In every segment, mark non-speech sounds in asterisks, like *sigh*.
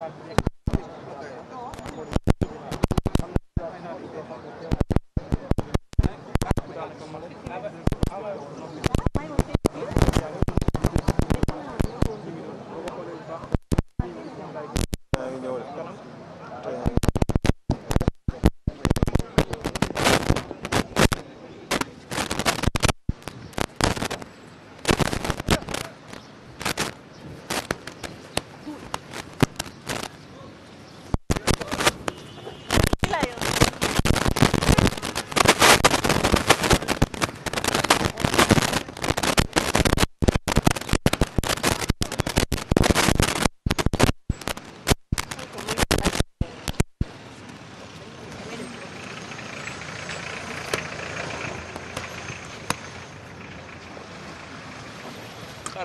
Thank you.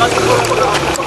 Allons-y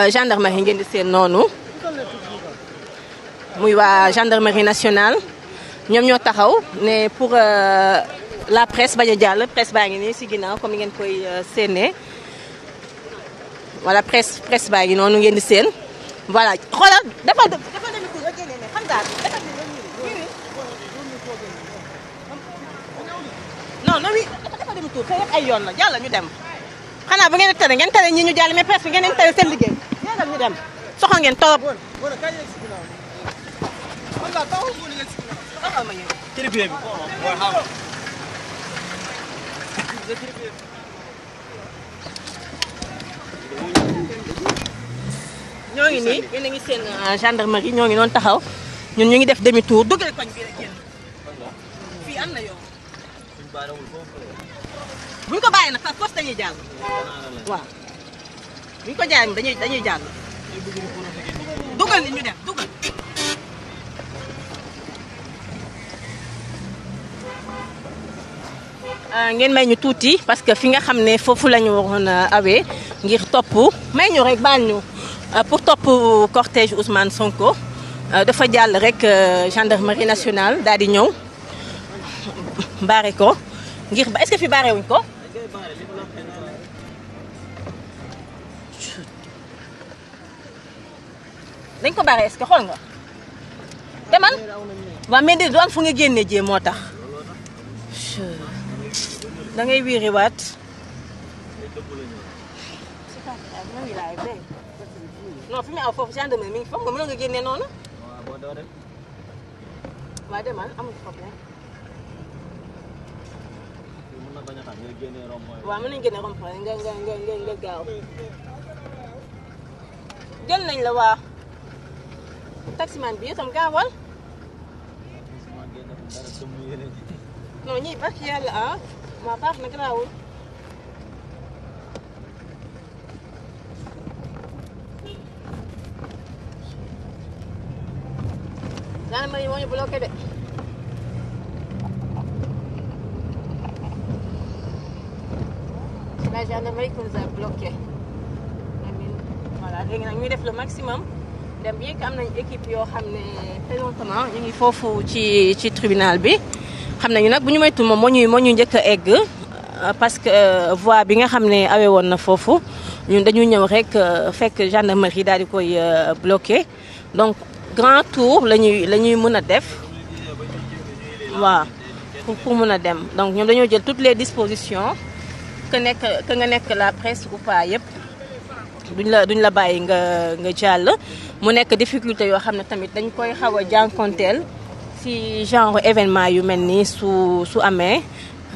Euh, gendarmerie ngeen di seen noonu muy waa gendarmerie nationale ñoom ñoo taxaw ne pour euh, la presse bañ a jàll presse baa ngi nii si ginnaaw comme ngeen koy euh, séenee wala presse presse baa ngi noonu ngeen di seen voilà xoolal dafa dafa ñu dem xanaa bu ngeen tere ngeen tere ñi ñu jàll mais presse ngeen tere seen liggéey àndal ñu dem soxla ngeen torop. ñoo ngi nii yéen a euh, ñoo ngi noonu taxaw ñun ñu ngi def demi tour duggee koñ bi rek génn fii na yoon buñ waaw. bu ko jaayee dañuy dañuy jàll. dugal li euh, ngeen may ñu tuuti parce que fi nga xam ne foofu la ñu waroon euh, awe ngir topp may ñu rek baal ñu euh, pour topp cortège Ousmane Sonko dafa jàll rek gendarmerie nationale daal di ñëw baare ko ngir ba est fi baare ko. dañ ko baree est-ce que xool nga te man waaw mais déedéet du am fu nga génnee jee moo tax da ngay wiiriwaat non fi mu aw foofu gendarmerie mi foofu nga mën noonu waaw demal amul problème génne rond-point nga nga nga nga gaaw jël nañ la waa taximan bi itam gaawal. non ñuy barki yàlla ah ma baax na garaawul. daanaka ma ñu bloqué de. la gendarmerie nous a bloqué. voilà léegi nag ñu def le maximum. dem bien am nañ équipe yoo xam ne présentement ñu ngi foofu ci ci tribunal bi xam nañu nag bu ñu moytu moom moo ñuy moo ñuy njëkk a egg euh, parce que euh, voie bi nga xam ne awee woon na foofu ñun dañuy ñëw rek euh, fekk gendarmerie daal di koy bloqué donc grand tour la ñuy la ñuy mën a def waaw pour pour mën a dem donc ñoom dañoo jël toutes les dispositions que nekk que nga nekk la presse ou pas yëpp duñ la duñ la bàyyi nga nga jàll mu nekk difficulté yoo xam ne tamit dañ koy xaw a jànkonteel si genre événement yu mel nii su su amee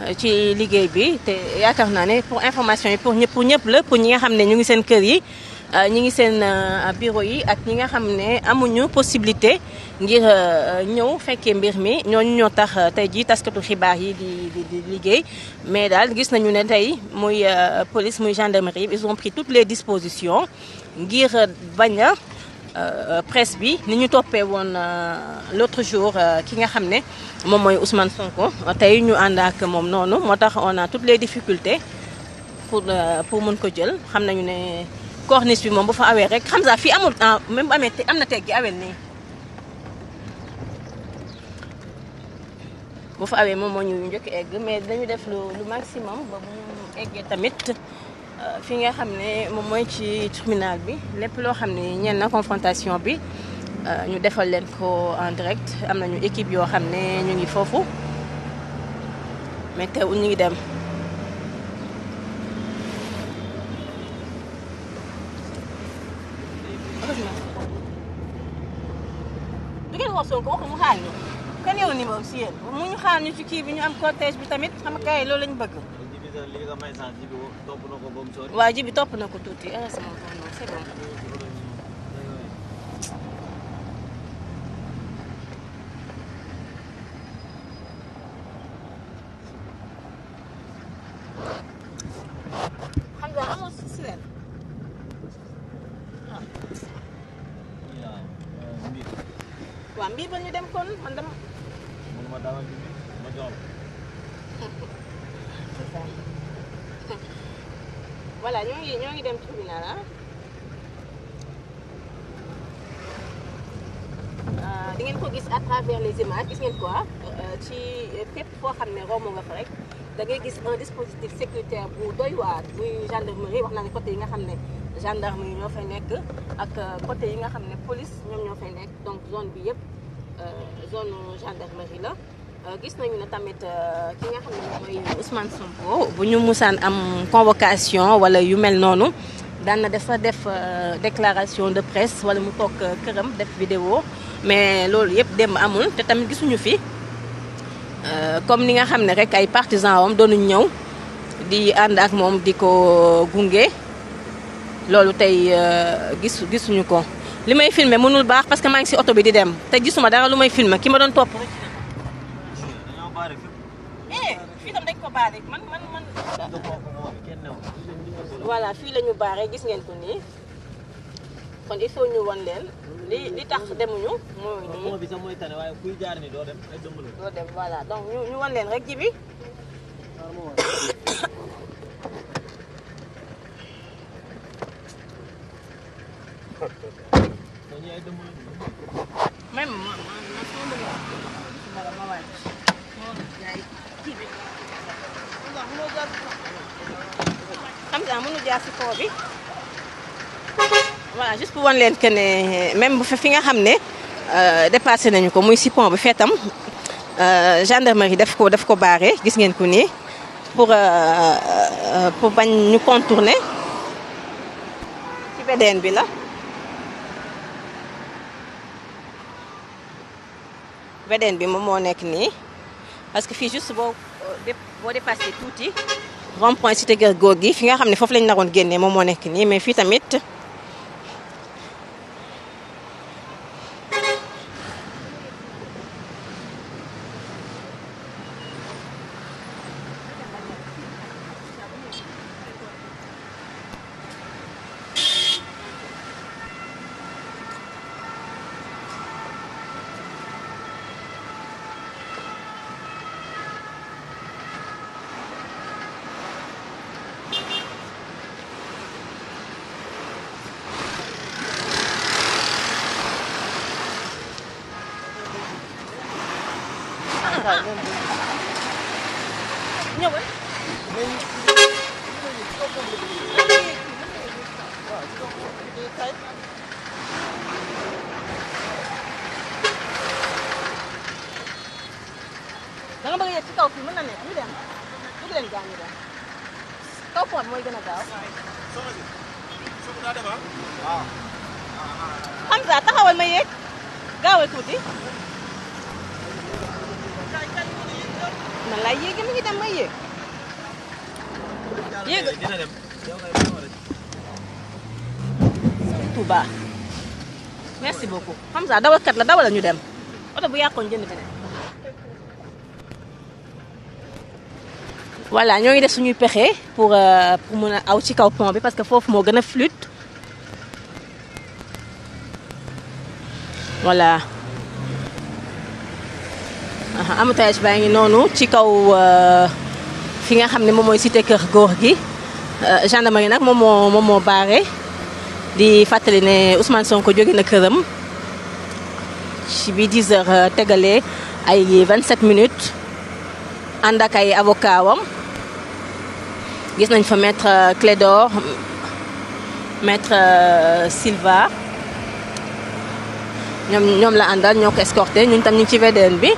euh, ci liggéey bi te yaakaar naa ne pour information yi pour ñëpp pour ñëpp la pour ñi nga xam ne ñu ngi seen kër yi Euh, ñi ngi seen euh, bureau yi ak ñi nga xam ne amuñu possibilité ngir euh, ñëw fekkee mbir mi ñooñu ñoo tax tey jii taskatu xibaar yi di di liggéey mais daal gis nañu ne tey muy police muy gendarmerie ils ont pris toutes les dispositions ngir bañ a presse bi ni ñu toppee woon l'autre jour ki nga xam ne moom mooy Ousmane Sonko tey ñu ànd ak moom noonu moo tax on a toutes les difficultés pour pour mun ko jël xam nañu ne. corniche bi moom bu fa awee rek xam nga fii amul temps même bu amee am na teg gi awel nii bu fa awee moom moo ñu njëkk egg mais dañu def lu lu maximum ba bu ñu eggee tamit euh, fi nga xam ne moom mooy ci terminal bi lépp loo xam ne ñeen na confrontation bi euh, ñu defal leen ko en direct am nañu équipe yoo xam ne ñu ngi foofu mais teewul ñu ngi dem. Sonko waxuñu xaar ñu kan yow ni ma aussi yéen mu ñu xaar ñu ci kii bi ñu am cortège bi tamit xam nga kay loolu lañ bëgg. waaw bi topp na ko tuuti. Ah, ba ñu dem kon man dama. mënuma *laughs* ñoo ngi ñoo ngi dem tribunal ah. ah. di ngeen ko gis à travers les images gis ngeen quoi euh, ci fépp foo xam ne romb nga fa rek. da ngay gis un dispositif sécuritaire bu doy waar muy gendarmerie wax naa ne côté yi nga xam ne gendarmerie ñoo fay nekk ak euh, côté yi nga xam ne police ñoom ñoo fay nekk donc zone bi yëpp. Euh, zone gendarmerie la euh, gis nañu ne tamit euh, ki nga xam ne mooy Ousmane Sonko bu ñu musaan am convocation wala yu mel noonu daan na sa def déclaration de presse wala mu toog këram def vidéo mais loolu yëpp dem amul te tamit gisuñu fi comme ni nga xam ne rek ay partisans wam doonuñ ñëw di ànd ak moom di ko gunge loolu tey gis gisuñu ko. li may filmer mënul baax parce que maa ngi si oto bi di dem te gisuma dara lu may filmer ki ma doon topp rek. Eh, voilà fii lañu baax baare gis ngeen ko nii kon il faut ñu won leen li li tax demuñu mooy nii. moo bi sax jaar ni doo dem ay dëmb la. voilà donc ñu won leen rek ji si foo bi voilà juste pour wan leen que ne même bu fe fi nga xam ne euh, dépassé nañu ko muy si pont bi feetam euh, gendarmerie def ko def ko baare gis ngeen ko nii pour euh, bañ ñu contourner ci bedeen bi la bedeen bi moom moo nekk nii parce que fii juste boo boo dépassé tuuti rond point cité kër góor gi fi nga xam ne foofu lañ naroon génnee moom moo nekk nii mais fii tamit ถ่ายมุมเนี่ยเว้ยだがばやちかを組むなね。見れん。見れんがんだ。とこはもういけなか。そうです。そうだでば。ああ。ハンザたはわめえ。がわとて。man laa yéegi mi ngi dem ma yéeg. yéeg Touba merci beaucoup Hamza dawalkat la dawal la ñu dem oto bu yàqoon jënd beneen. voilà ñoo ngi def suñuy pexe pour euh, pour mën a aw ci kaw pont bi parce que foofu moo gën a fluide voilà. embouteillage baa ngi noonu ci kaw euh, fi nga xam ne moom mooy cité kër góor gi euh, gendarmerie nag moom moo moom moo baare di fàttali ne Ousmane Sonko jóge na këram ci bi 10 heures euh, tegalee ay 27 minutes ànd ak ay avocat wam gis nañ fa maître Clédor maître Silva ñoom ñoom la àndal ñoo ko escorté ñun tam ñu ci VDN bi.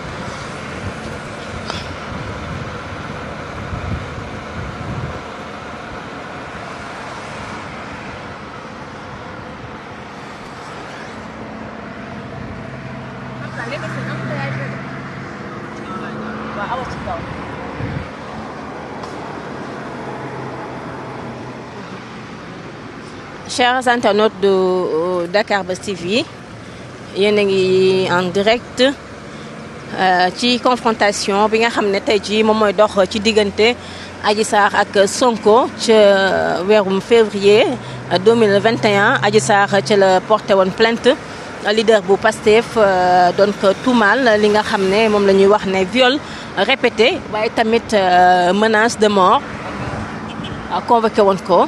chers internautes de euh, Dakar Buzz TV yéen a ngi en direct euh, ci confrontation bi nga xam ne tey jii moom mooy dox ci diggante aji saar ak Sonko ca euh, weerum février 2021 Adji Sarr la porté woon plainte leader bu Pastef donc tuumaal li nga xam ne moom la ñuy wax ne viole répété waaye tamit menace de mort convoqué woon ko.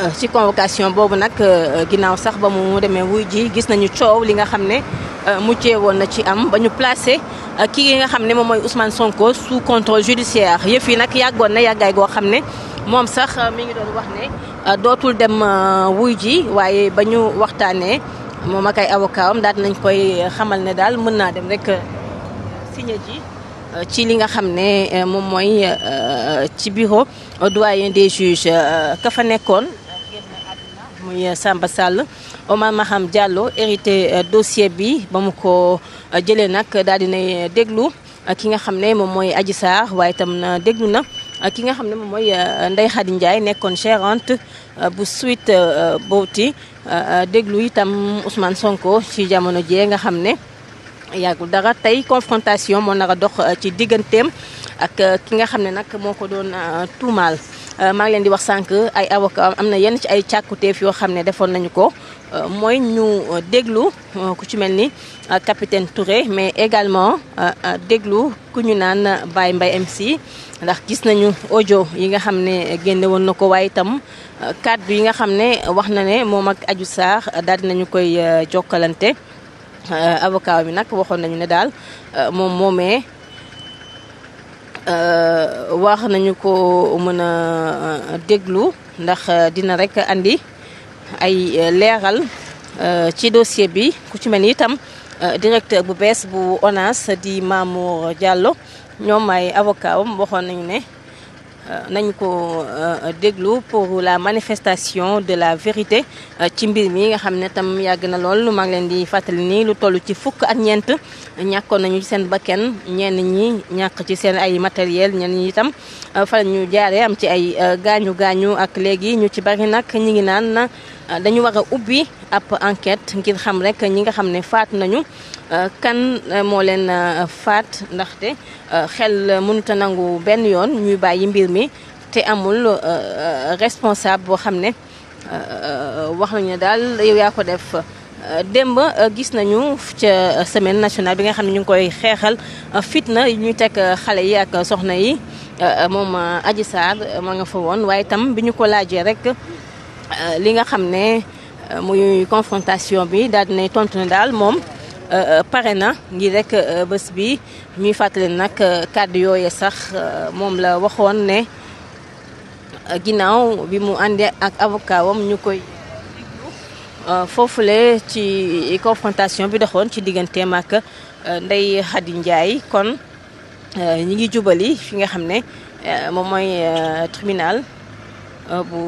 Euh, ci convocation boobu nag euh, euh, ginnaaw sax ba mu demee wuy ji gis nañu coow li nga xam ne muccee woon na ci am ba ñu placé ki nga xam ne moom mooy Ousmane Sonko sous contrôle judiciaire yëf yi nag yàggoon na yàggaay goo xam ne moom sax mi ngi doon wax ne dootul dem wuy ji waaye ba ñu waxtaanee moom ak ay avocat am nañ koy xamal ne daal mën naa dem rek signé ji. ci li nga xam ne euh, moom mooy euh, ci bureau euh, doyen des juges ka fa nekkoon muy Samba Sall Omar Maham Diallo hérité dossier bi ba mu ko jëlee nag daal dinay déglu ki nga xam ne moom mooy aji Sarr waaye itam na déglu na ki nga xam ne moom mooy Ndeye Khady Ndiaye nekkoon gérante bu Sweet Beauty déglu itam Ousmane Sonko ci jamono jee nga xam ne yàggul dara tey confrontation moo nar dox euh, ci digganteem ak euh, ki nga xam ne nag moo ko doon euh, tuumaal maa ngi leen di wax sànq ay avocat am na yenn ci ay càkkutéef yoo xam ne defoon nañu ko mooy ñu déglu ku ci mel ni capitaine Touré mais également déglu ku ñu naan Baye Mbaye MC ndax gis nañu audio yi nga xam ne génne woon na ko waaye itam kàddu yi nga xam ne wax na ne moom ak aju saax daal di nañu koy jokkalante Euh, avocat bi nag waxoon nañu ne daal euh, moom moomee euh, wax nañu ko mën a déglu ndax dina rek andi ay leeral ci dossier bi ku ci mel ni itam directeur bu bees bu ONAS di Mamour Diallo ñoom ay avocat waxoon nañu ne nañ ko euh, déglu pour la manifestation de la vérité euh, ci mbir mi nga xam ne tam yàgg na lool lu ngi leen di fàttali nii lu toll ci fukk ak ñeent ñàkkoon nañu ci seen kenn ñenn ñi ñàkk ci seen ay matériel ñenn ñi itam euh, fa ñu jaaree am ci ay gaañu gaañu ak léegi ñu ci bari nag ñu ngi naan. Euh, dañu war a ubbi ab enquête ngir xam rek ñi nga xam ne faat nañu euh, kan euh, moo leen faat ndaxte xel mënut a nangu benn yoon ñuy bàyyi mbir mi te amul responsable boo xam ne wax nañu ne daal yow yaa ko def. démb gis nañu ca semaine nationale bi nga xam ne ñu ngi koy xeexal fitna ñuy teg xale yi ak soxna yi moom Adji Sarr ma nga fa woon waaye tam bi ñu ko laajee rek. Euh, li nga xam ne euh, muy confrontation bi daal di tontu na daal moom euh, pare na ngir rek bës bi ñuy fàttali nag kàddu yooye sax moom la waxoon ne ginnaaw bi mu àndee ak avocat ñu koy foofule ci confrontation bi doxoon ci diggante ak Ndeye Khady Ndiaye kon ñi ngi jubali fi nga xam ne moom mooy tribunal Euh, bu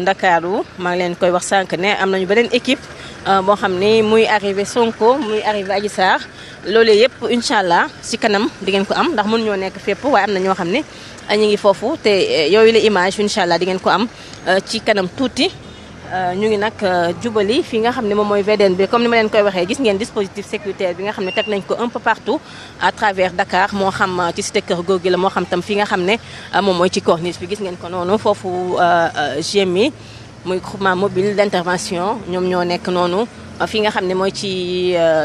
ndakaaru maa ngi leen koy wax sànq ne am nañu beneen équipe euh, boo xam ni muy arrivé Sonko muy arrivé aji Sarr loole yëpp incha allah si kanam di ngeen ko am ndax mën ñoo nekk fépp waaye am na ñoo xam ne euh, ñu ngi foofu te yooyu la image incha allah di ngeen ko am ci kanam tuuti. Euh, ñu ngi nag euh, jubali fi nga xam ne moom mooy VDN bi comme ni ma leen koy waxee gis ngeen dispositif sécuritaire bi nga xam ne teg nañ ko un peu partout à travers Dakar moo xam euh, ci cité Keur gi la moo xam tam fi nga xam ne moom mooy ci corniche bi gis ngeen ko noonu foofu GMI muy groupement mobile d'intervention ñoom ñoo nekk noonu fi nga xam ne mooy ci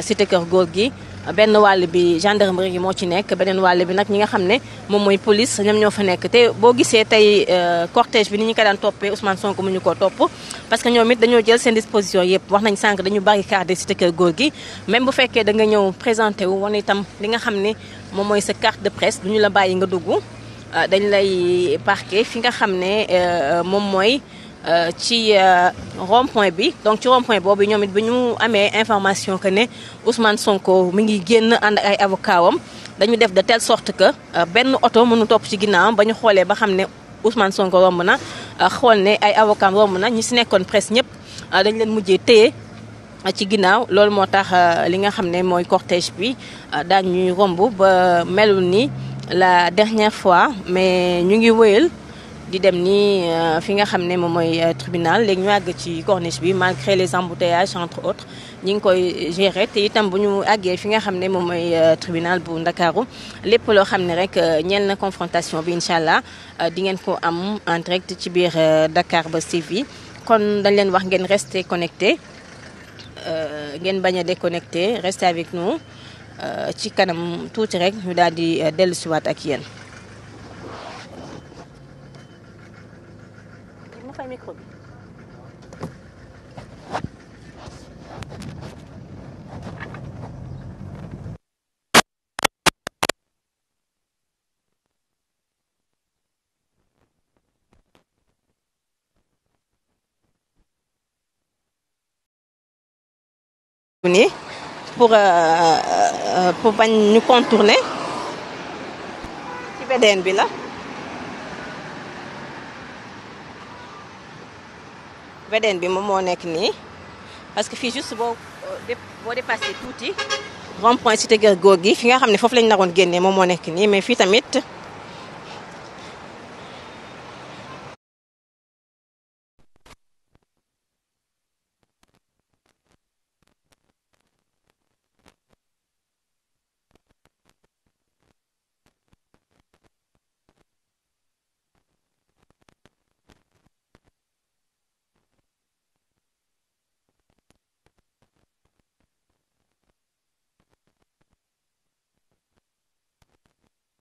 cité Keur gi benn wàll bi gendarmerie yi moo ci nekk beneen wàll bi nag ñi nga xam ne moom mooy police ñoom ñoo fa nekk te boo gisee tey euh, cortège bi ni ñu ko daan toppee Ousmane Sonko mu ñu ko topp parce que ñoom it dañoo jël seen disposition yëpp wax nañ sànq dañu barricade cité kër góor gi même bu fekkee da ñëw présenté wu wane itam li nga xam ne moom mooy sa carte de presse du ñu la bàyyi nga dugg euh, dañ lay parqué fi nga xam ne euh, moom mooy Euh, ci euh, rond-point bi donc ci rompoint point boobu ñoom it bi ñu amee information que ne Ousmane Sonko mu ngi génn ànd ay avocat wam dañu def de telle sorte que euh, benn oto mënu topp ci ginnaawam ba ñu xoolee ba xam ne Ousmane Sonko romb na xool ne ay avocat romb na ñi si nekkoon presse ñëpp dañ leen mujjee téye ci ginnaaw loolu moo tax li nga xam ne mooy cortège bi daañuy romb ba melul ni la dernière fois mais ñu ngi wéyal di dem ni euh, fi nga xam ne moom mooy euh, tribunal léegi ñu àgg ci corniche bi malgré les embouteillages entre autres ñu ngi koy gérer te itam bu ñu àggee fi nga xam ne moom mooy euh, tribunal bu Ndakaaru lépp loo xam ne rek ñeel na confrontation bi incha allah di ngeen ko am en direct ci biir ba Buzz TV kon dañ leen wax ngeen rester connecté ngeen bañ a déconnecté restez avec nous ci kanam tuuti rek ñu daal di dellusiwaat ak yéen. micro bi pour euh, euh, pour bañ ñu contourner ci bi la VDN bi moom moo nekk nii parce que fii juste boo boo dépassé tuuti rond point cité kër góor gi fi nga xam ne foofu lañ naroon génnee moom moo nekk nii mais fii tamit